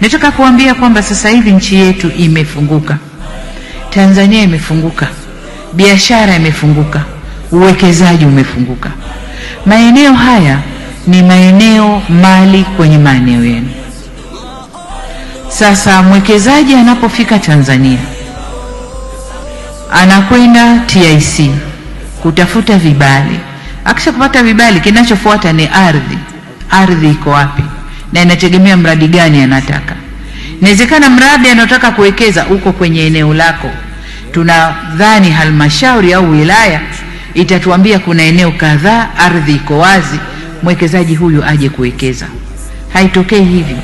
Nataka kuambia kwamba sasa hivi nchi yetu imefunguka, Tanzania imefunguka, biashara imefunguka, uwekezaji umefunguka. Maeneo haya ni maeneo mali kwenye maeneo yenu. Sasa mwekezaji anapofika Tanzania anakwenda TIC kutafuta vibali, akishapata vibali kinachofuata ni ardhi. Ardhi iko wapi? na inategemea mradi gani anataka. Inawezekana mradi anaotaka kuwekeza uko kwenye eneo lako. Tunadhani halmashauri au wilaya itatuambia kuna eneo kadhaa, ardhi iko wazi, mwekezaji huyu aje kuwekeza. Haitokei hivyo.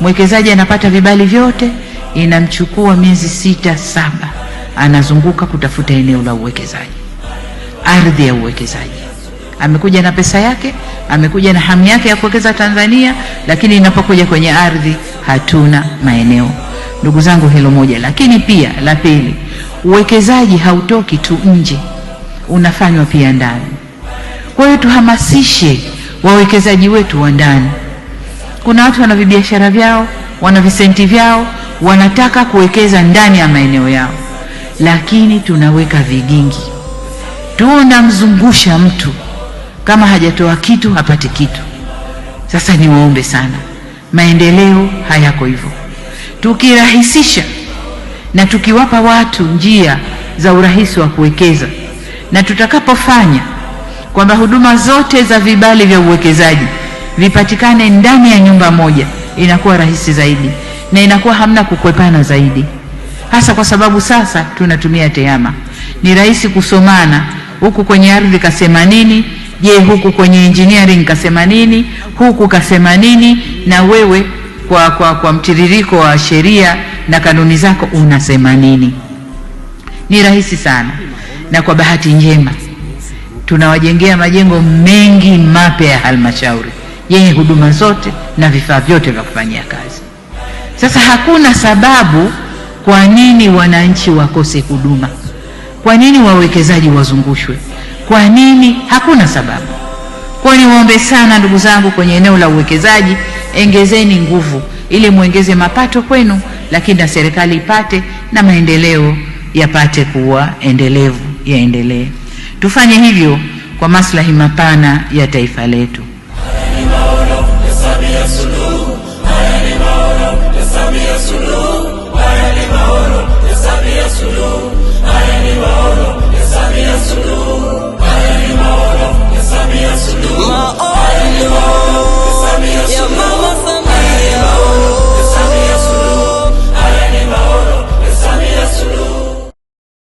Mwekezaji anapata vibali vyote, inamchukua miezi sita saba, anazunguka kutafuta eneo la uwekezaji, ardhi ya uwekezaji amekuja na pesa yake, amekuja na hamu yake ya kuwekeza Tanzania, lakini inapokuja kwenye ardhi hatuna maeneo. Ndugu zangu, hilo moja. Lakini pia la pili, uwekezaji hautoki tu nje, unafanywa pia ndani. Kwa hiyo tuhamasishe wawekezaji wetu wa ndani. Kuna watu wana vibiashara vyao, wana visenti vyao, wanataka kuwekeza ndani ya maeneo yao, lakini tunaweka vigingi, tunamzungusha mtu kama hajatoa kitu hapati kitu. Sasa niwaombe sana, maendeleo hayako hivyo. Tukirahisisha na tukiwapa watu njia za urahisi wa kuwekeza, na tutakapofanya kwamba huduma zote za vibali vya uwekezaji vipatikane ndani ya nyumba moja, inakuwa rahisi zaidi na inakuwa hamna kukwepana zaidi, hasa kwa sababu sasa tunatumia TEHAMA. Ni rahisi kusomana, huku kwenye ardhi kasema nini Je, huku kwenye engineering kasema nini? Huku kasema nini? Na wewe kwa, kwa, kwa mtiririko wa sheria na kanuni zako unasema nini? Ni rahisi sana, na kwa bahati njema tunawajengea majengo mengi mapya ya halmashauri yenye huduma zote na vifaa vyote vya kufanyia kazi. Sasa hakuna sababu kwa nini wananchi wakose huduma, kwa nini wawekezaji wazungushwe. Kwa nini? Hakuna sababu. Kwa niwaombe sana ndugu zangu, kwenye eneo la uwekezaji engezeni nguvu, ili muongeze mapato kwenu, lakini na serikali ipate na maendeleo yapate kuwa endelevu, yaendelee. Tufanye hivyo kwa maslahi mapana ya taifa letu. haya ni maono ya Samia Suluhu.